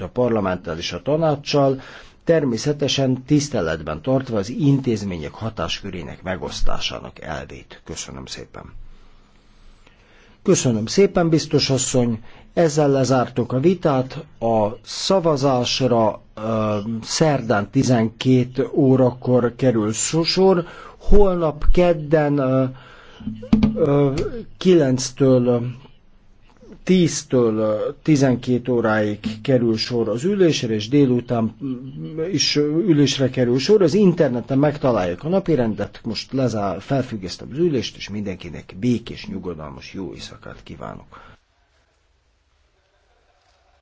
a parlamenttel és a tanácssal, természetesen tiszteletben tartva az intézmények hatáskörének megosztásának elvét. Köszönöm szépen. Köszönöm szépen, biztos asszony. Ezzel lezártuk a vitát. A szavazásra uh, szerdán 12 órakor kerül sor. Holnap kedden uh, uh, 9-től 10-től 12 óráig kerül sor az ülésre, és délután mm, is ülésre kerül sor. Az interneten megtaláljuk a rendet, most lezár, felfüggesztem az ülést, és mindenkinek békés, nyugodalmas jó éjszakát kívánok.